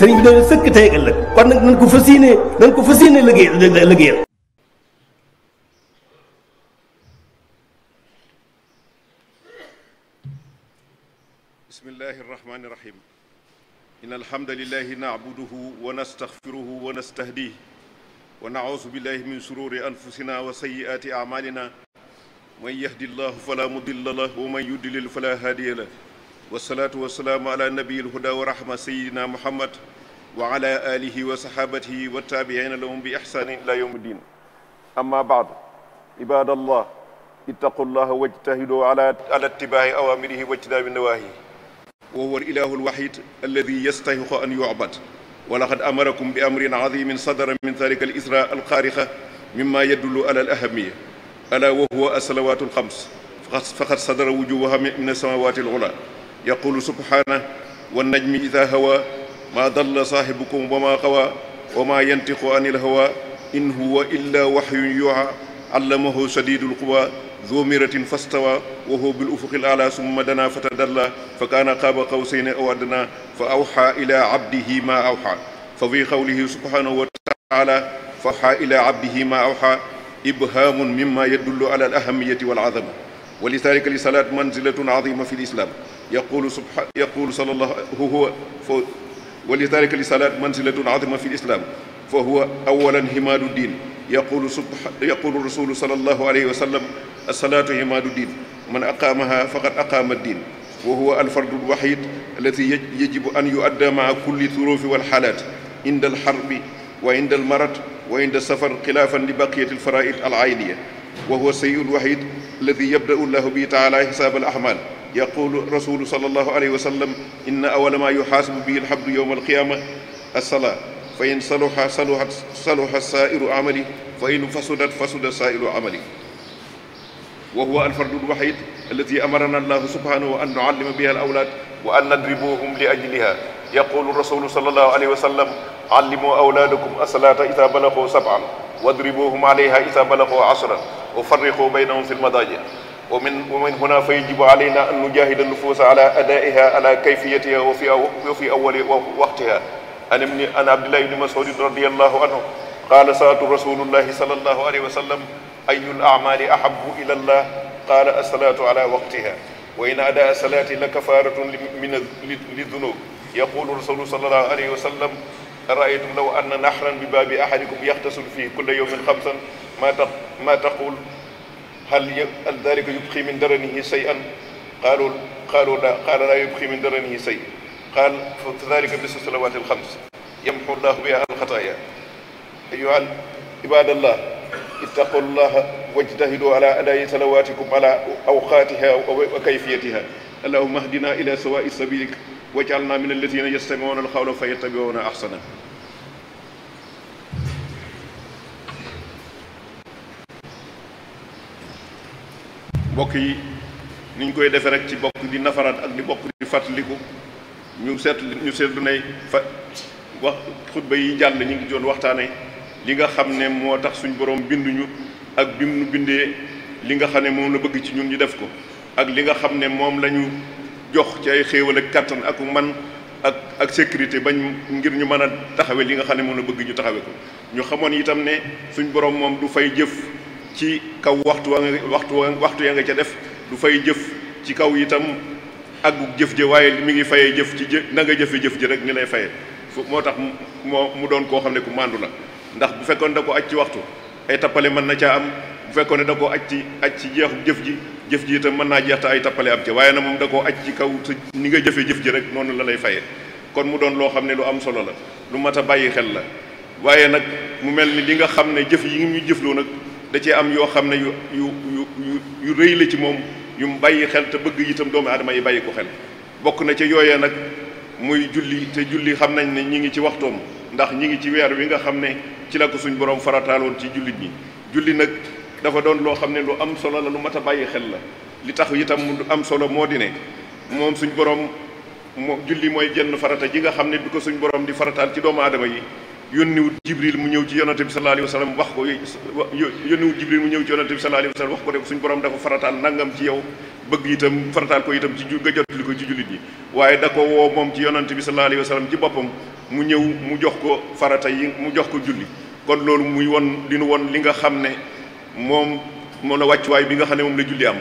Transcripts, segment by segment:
sëriñ bi dana sëkk tey ëllëg kon nag nañ ko fas yéene nañ ko fas yéene liggéey liggéeyal bismillahi irrahmani irrahim in alhamdulilahi nacbuduhu wa nastaxfiruhu wa nastahdiih wa nacuusu billahi min sururi anfusina wa sayiaati acmalina man yahdi llahu fala mudilla lah wa man yudlil fala haadiya lah wasalaatu wasalaamu ala nabiil huda wa rahma sayidina muhammad wa ala alihi wa sahabatihi wa taabiina lahum bi ihsaanin ila yawmi din amma baadu ibadallah ittaqu llaha wajtahidu ala ala ittibaai awamirihi wa ijtinaabi nawaahi wa huwa alilahu alwahid alladi yastahiqu an yucbad wa laqad amarakum bi amrin azimin sadara min dalika alisra alxaariqa mimma yadullu ala alahamiya ala wa huwa asalawaatu alxams faqad sadara wujuuha min alsamawati alula yaqulu subhaana wa najmi ida hawa maa dalla saaxibukum wa maa xawa wa maa yantiqu an il hawa in huwa illa waxyun yuuxa allamahu shadidul quwa zu miratin fastawa wa huwa bil ufuqil ala summa dana fatadalla fa kaana qaaba qawsayni aw adnaa fa awxa ila abdihi maa awxa fa fi qawlihi subhaanahu wa taala fa awxa ila abdihi maa awxa ibhaamun mimma yadullu ala al ahamiyati wal azama wa li dalika li salaat manzilatun azima fi l islam yaqulu subha yaqulu sallallahu huwa fo wa lidalika li salaat manzilatun azima fi lislaam fa huwa awalan himaadu diin yaqulu subha yaqulu rasulu sallallahu alayhi wa sallam asalaatu himaadu diin man aqaamaha faqad aqaama diin wa huwa alfardu lwaxid allati yajibu an yuadda maa kulli turuufi walxaalaat inda alxarbi wa inda almarad wa inda safar xilaafan li baqiyati alfaraid al ayniya wa huwa sayiu lwaxid allati yabdau llahu bihi taala xisaab al ahmaal yaqulu rasulu sallallahu alayhi wa sallam inna awala ma yuxaasabu bihi alxabdu yowma alqiyama alsalaa fa in saluha saluha saluha saairu amali fa in fasudat fasuda saairu amali wa huwa alfardu alwahid allati amarana allahu subhanahu an nuallima biha alawlaad wa an nadribuhum li ajliha yaqulu rasulu sallallahu alayhi wa sallam allimu awlaadakum asalaata ida balagoo sab'an wadribuhum alayha ida balagoo ashran wa farriqu baynahum fi almadaaji ومن ومن هنا فيجب علينا أن نجاهد النفوس على أدائها على كيفيتها وفي وفي أول وقتها عن ابن عن عبد الله بن مسعود رضي الله عنه قال سألت رسول الله صلى الله عليه وسلم أي الأعمال أحب إلى الله قال الصلاة على وقتها وإن أداء الصلاة لكفارة من للذنوب يقول الرسول صلى الله عليه وسلم أرأيتم لو أن نحرا بباب أحدكم يغتسل فيه كل يوم خمسا ما ما تقول hal hal dalika yubqi min daranihi shay'an qaalu qaalu laa qaala laa yubqi min daranihi shay qaal fa dalika bisu salawaati alxams yamxu llahu biha alxataaya ayuha ibadallah ittaqu llaha wajtahidu ala adaayi salawaatikum ala awqaatiha wa kayfiyatiha allahuma ahdina ila sawaa'i sabilik waj'alna min alladina yastami'una alqawla fayattabi'una ahsana bokk yi niñ koy defee rek ci bokk di nafaraat ak di bokk di ko ñu seet ñu seetlu ne fat wax xutba yi jàll ñu ngi doon waxtaane li nga xam ne moo tax suñ borom binduñu ak bi bindee li nga xam ne moom la bëgg ci ñun ñu def ko ak li nga xam ne moom la ñu jox ci ay xéewal ak kàttan aku man ak ak sécurité bañ ngir ñu mën a taxawe li nga xam ne moom la bëgg ñu taxawe ko ñu xamoon itam ne suñ borom moom du fay jëf ci kaw waxtu wa waxtu waxtu ya nga ca def du fay jëf ci kaw itam àggu jëf ji waaye mu ngi fayee jëf ci jë na nga jëf ji rek ni lay fayee moo tax moo mu doon koo xam ne ku ndax bu fekkoon da ko aj ci waxtu ay tappale mën na caa am fekkoon ne da koo aj ci aj ci jeexu jëf ji jëf ji mën naa jeex ay tappale am ca waaye na koo aj ci kaw te ni nga ji rek noonu la lay fayee kon mu doon loo xam ne lu am solo la lu mat a bàyyi xel la waaye nag mu mel ni li nga xam ne jëf yi muy ñu jëfloo nag da cee am yoo xam ne yu yu yu yu rëy la ci moom yu mu bàyyi xel te bëgg yitam doomu aadama yi bàyyi ko xel bokk na ca yooyee nag muy julli te julli xam nañ ne ñi ngi ci waxtoom ndax ñi ngi ci weer wi nga xam ne ci la ko suñ borom farataaloon ci jullit ñi julli nag dafa doon loo xam ne lu am solo la lu mat a bàyyi xel la li tax itam mu am solo moo di ne moom suñu borom moo julli mooy jenn farata ji nga xam ne bi ko suñu borom di farataal ci doomu aadama yi yónniwut jibril mu ñëw ci yonante bi sallallahu alayhi wa sallam wax ko yónniwut jibril mu ñëw ci yonante bi sallallahu alayhi wa sallam wax ko ne suñ borom dafa farataal nangam ci yow bëgg itam farataal ko itam ci nga jotali ko ci jullit yi waaye da ko woo moom ci yonante bi sallallahu alayhi wa sallam ci boppam mu ñëw mu jox ko farata yi mu jox ko julli kon loolu muy won di nu li nga xam ne moom moo la wàccuwaay bi nga xam ne moom la julli am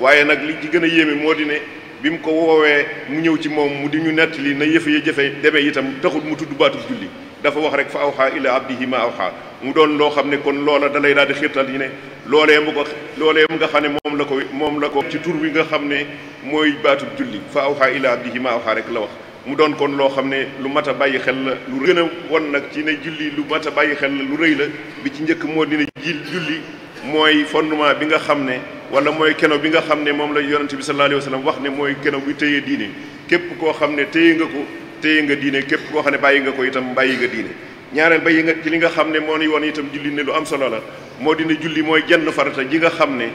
waaye nag li ci gën a yéeme moo di ne bi mu ko woowee mu ñëw ci moom mu di ñu nettali na yëfe ya jëfe demee itam taxul mu tudd baatub julli dafa wax rek fa ilaa ila abdihi ma awxaa mu doon loo xam ne kon loola da lay daal di xiirtal yi ne loolee mu ko loolee mu nga xam ne moom la ko moom la ko ci tur wi nga xam ne mooy baatub julli fa awxaa ila abdihi ma awxaa rek la wax mu doon kon loo xam ne lu mat a bàyyi xel la lu gën a nag ci ne julli lu mat a bàyyi xel la lu rëy la bi ci njëkk moo di ne julli mooy fondement bi nga xam ne wala mooy keno bi nga xam ne moom la yonente bi sallallahu alayhi wa wax ne mooy keno bi téye diine képp koo xam ne téye nga ko te nga diine képp koo xam ne bàyyi nga ko itam bàyyi nga diine ñaareel bàyyi nga ci li nga xam ne moo ni woon itam julli ne lu am solo la moo dina julli mooy jenn farata ji nga xam ne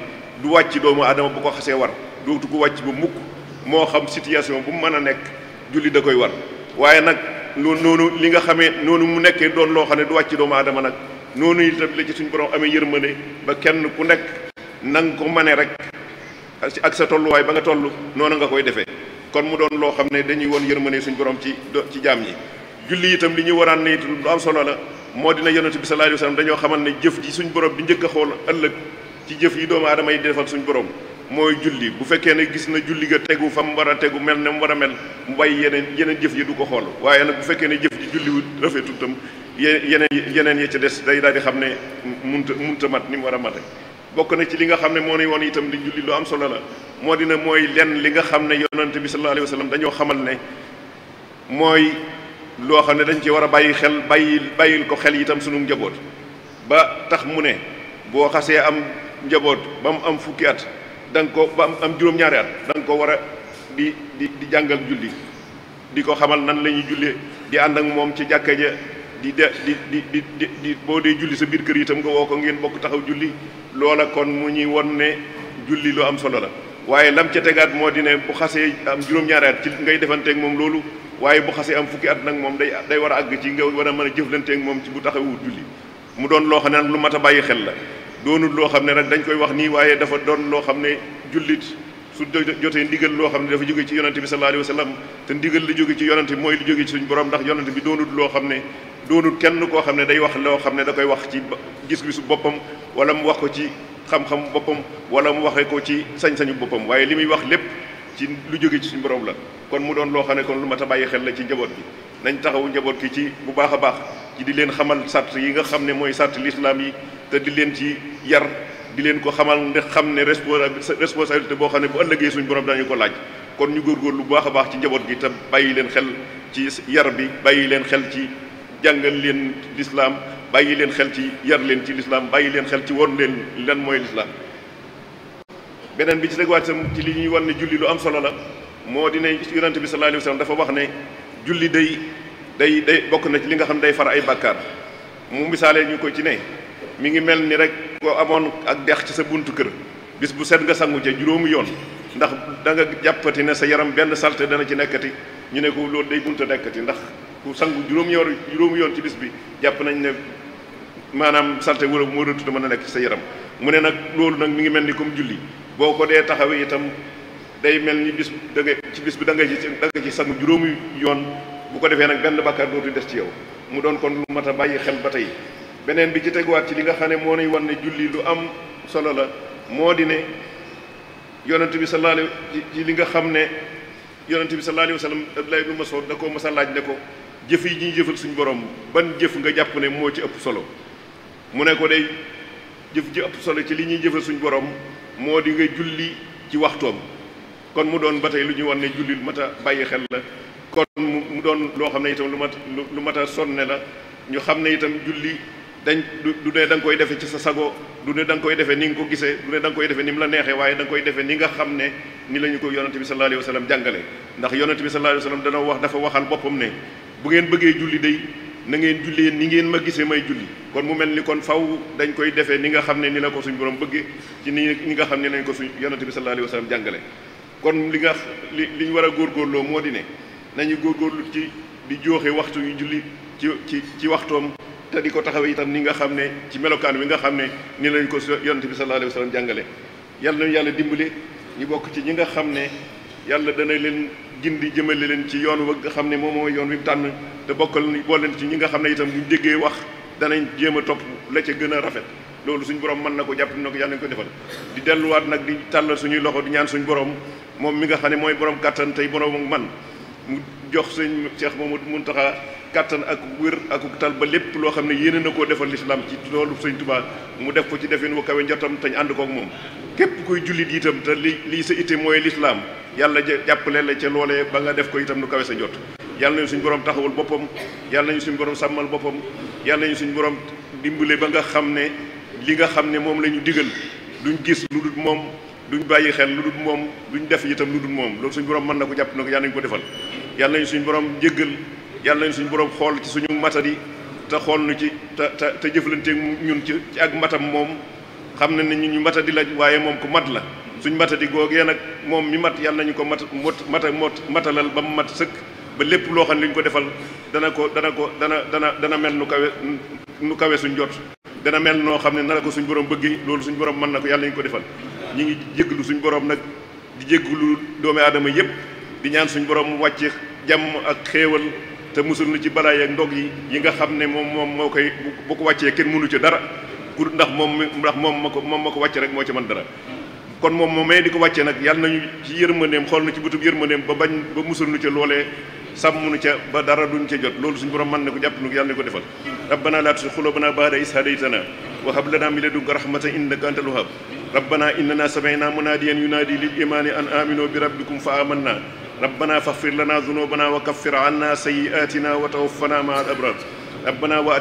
du wàcc doomu aadama bu ko xasee war dootu ko wàcc ba mukk moo xam situation bu mu mën a nekk julli da koy war waaye nag loolu noonu li nga xamee noonu mu nekkee doon loo xam ne du wàcc doomu aadama nag noonu itam la ci suñu borom amee yërmande ba kenn ku nekk na nga ko mane rek ak sa tolluwaay ba nga toll noonu nga koy defee kon mu doon loo xam ne dañuy woon yërmande suñu borom ci ci jaam ñi julli itam li ñuy waraan ne it lu am solo la moo dina yonent bi sallallahu alayhi wasallam dañoo xamal ne jëf ji suñu borom di njëkk a xool ëllëg ci jëf yi doomu aadama yi defal suñu borom mooy julli bu fekkee ne gis na julli ga tegu fa mu war a tegu mel ne mu war a mel mu bàyyi yeneen yeneen jëf yi du ko xool waaye nag bu fekkee ne jëf ji julliwut rafetul tam yeneen yeneen ya ca des day daal di xam ne munta munta mat ni mu war a mate bokk na ci li nga xam ne moo ne woon itam di julli lu am solo la moo dina mooy lenn li nga xam ne yonante bi sallallahu alayhi wa sallam dañoo xamal ne mooy loo xam ne dañ ci war a bàyyi xel bàyyi bàyyil ko xel itam sunu njaboot ba tax mu ne boo xasee am njaboot ba mu am fukki at danga ko ba am juróom-ñaari at da ko war a di di di jàngal julli di ko xamal nan la ñuy jullee di ànd ak moom ci jàkka ja di de di di di di boo dee julli sa biir kër yi tam nga woo ko ngeen bokk taxaw julli loola kon mu ñuy won ne julli lu am solo la waaye lam ca tegaat moo dina bu xasee am juróom ñaaraat at ci ngay defanteek moom loolu waaye bu xasee am fukki at nag moom day day war a àgg ci nga war a mën a jëflanteeg moom ci bu taxawut julli mu doon loo xam ne lu mat a bàyyi xel la doonul loo xam ne nag dañ koy wax nii waaye dafa doon loo xam ne jullit su jotee ndigal loo xam ne dafa jóge ci yonante bi sallallahu alayhi wa te ndigal li jóge ci yonante mooy li jóge suñu borom ndax yonante bi doonul loo xam ne doonul kenn koo xam ne day wax loo xam ne da koy wax ci gis-gisu boppam wala mu wax ko ci xam-xam boppam wala mu waxee ko ci sañ-sañu boppam waaye li muy wax lépp ci lu jóge ci suñu borom la kon mu doon loo xam ne kon lu mat a bàyyi xel la ci njaboot gi nañ taxawu njaboot gi ci bu baax a baax ci di xamal sart yi nga xam ne mooy sart lislaam yi te di leen ci yar di leen ko xamal ndax xam ne responsabilité boo xam ne bu ëllëgee suñu borom dañu ko laaj kon ñu góorgóorlu bu baax a baax ci njaboot gi te bàyyi leen xel ci yar bi bàyyi leen xel ci jàngal leen lislaam bàyyi leen xel ci yar leen ci lislaam bàyyi leen xel ci won leen lan mooy lislaam beneen bi ci dëgg waat sam ci li ñuy war ne julli lu am solo la moo di ne yonante bi sallallahu alayhi wasallam dafa wax ne julli day day day bokk na ci li nga xam ne day far ay bàkkaar mu misaalee ñu ko ci ne mi ngi mel ni rek ko amoon ak dex ci sa buntu kër bis bu set nga sangu ca juróomi yoon ndax da jàppati na sa yaram benn salte dana ci nekkati ñu ne ko loolu day bunta nekkati ndax ku sangu juróom yor juróomi yoon ci bis bi jàpp nañ ne maanaam salte wala moo doon tudd mën a nekk ci sa yaram mu ne nag loolu nag mi ngi mel ni comme julli boo ko dee taxawee itam day mel ni bis da ci bis bi da nga ci da nga ci sangu juróom yoon bu ko defee nag benn bàkkaar dootu des ci yow mu doon kon lu mat a bàyyi xel ba tey beneen bi ci teguwaat ci li nga xam ne moo nay wan ne julli lu am solo la moo di ne yonent bi sallallahu alayhi ci li nga xam ne yonent bi sallallahu alayhi wa sallam Abdullah ibn Mas'ud da koo mas a laaj ne ko jëf yi ñuy jëfal suñu borom ban jëf nga jàpp ne moo ci ëpp solo mu ne ko day jëf ji ëpp solo ci li ñuy jëfal suñu borom moo di nga julli ci waxtoom kon mu doon ba tey lu ñu wan ne julli lu mat a bàyyi xel la kon mu doon loo xam ne itam lu mat lu mat a sonne la ñu xam ne itam julli dañ du ne da nga koy defee ci sa sago du ne da koy defee ni nga ko gisee du ne da nga koy defee ni mu la neexee waaye da koy defee ni nga xam ne ni la ñu ko yonante bi sallallahu alayhi wa sallam ndax yonante bi sallallahu alayhi wa sallam wax dafa waxal boppam ne bu ngeen bëggee julli day na ngeen jullee ni ngeen ma gisee may julli kon mu mel ni kon faw dañ koy defee ni nga xam ne ni la ko suñ borom bëggee ci ni ni nga xam ne nañ ko suñ yonante bi sallallahu alayhi wa sallam jàngale kon li nga li li ñu war a góorgóorloo moo di ne nañu góorgóorlu ci di jooxe waxtu yu julli ci ci ci waxtoom te di ko taxawee itam ni nga xam ne ci melokaan wi nga xam ne ni lañ ko yonante bi sallallahu alayhi wa jàngale yàlla nañu yàlla dimbale ñu bokk ci ñi nga xam ne yàlla dana leen gindi jëmale leen ci yoon wa nga xam ne moom mooy yoon wi mu tànn te bokkal ni boo leen ci ñi nga xam ne itam buñ déggee wax danañ jéem a topp la ca gën a rafet loolu suñu borom mën na ko jàpp na ko yàlla ko defal di delluwaat nag di tàllal suñuy loxo di ñaan suñu borom moom mi nga xam ne mooy borom kattan tey borom ak man mu jox sëñ Cheikh Mamadou Mountakha kattan ak wér ak tal ba lépp loo xam ne yéene na koo defal lislaam ci loolu sëñ Tuubaa mu def ko ci defin wu kawe njottam tañ ànd kook moom képp koy jullit itam te li lii sa itte mooy lislaam yàlla jàppale la ca loolee ba nga def ko itam nu kawe sa jot yàlla nañu suñu borom taxawul boppam yàlla nañu suñu borom sàmmal boppam yàlla nañu suñu borom dimbale ba nga xam ne li nga xam ne moom la ñu digal duñ gis lu dul moom duñ bàyyi xel lu dul moom duñ def itam lu dul moom loolu suñu borom mën na ko jàpp na ko yàlla nañu ko defal yàlla nañu suñu borom jéggal yàlla nañu suñu borom xool ci suñu matadi te xool nu ci te te te jëflanteeg ñun ci ci ak matam moom xam na ne ñun ñu matadi la waaye moom ku mat la suñ matadi googee nag moom mi mat yàlla nañu ko mat mata mot matalal ba mu mat sëkk ba lépp loo xam ne li ñu ko defal dana ko dana ko dana dana dana mel nu kawe nu kawe suñ jot dana mel noo xam ne na la ko suñ borom bëggee loolu suñ borom man na ko yàlla nañu ko defal ñi ngi jégglu suñ borom nag di jégglu doomi aadama yëpp di ñaan suñ borom mu wàcce jàmm ak xéewal te musul nu ci balaay ak ndog yi yi nga xam ne moom moom moo koy bu ko wàccee kenn mënu ca dara pour ndax moom ndax moom ma ko moom ma ko wàcce rek moo ci mën dara kon moom moomee di ko wàcce nag yàlla nañu ci na ci bëtub yërmandeem ba bañ ba musul nu ca loolee sàmm nu ca ba dara duñ ca jot loolu suñu borom mën na ko jàpp nu yàlla na ko defal rabbana laa tusi xulubana baada is hadaytana wa hab lana min ladunka rahmatan innaka antal wahhab rabbana innana sami'na munadiyan yunadi lil imani an aminu bi rabbikum fa amanna rabbana faghfir lana dhunubana wa anna sayyi'atina wa tawaffana ma'al abrar rabbana wa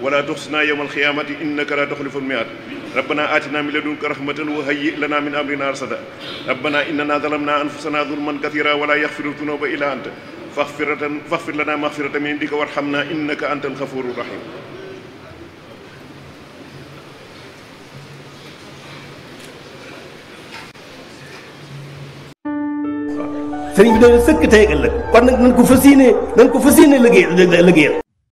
ولا تخزنا يوم القيامة إنك لا تخلف الميعاد ربنا آتنا من لدنك رحمة وهيئ لنا من أمرنا رشدا ربنا إننا ظلمنا أنفسنا ظلما كثيرا ولا يغفر الذنوب إلا أنت فاغفر فاغفر لنا مغفرة من عندك وارحمنا إنك أنت الغفور الرحيم sëriñ bi da sëkk tey ak ëllëg kon nag nañ ko fas yéene nañ ko fas yéene liggéey liggéeyal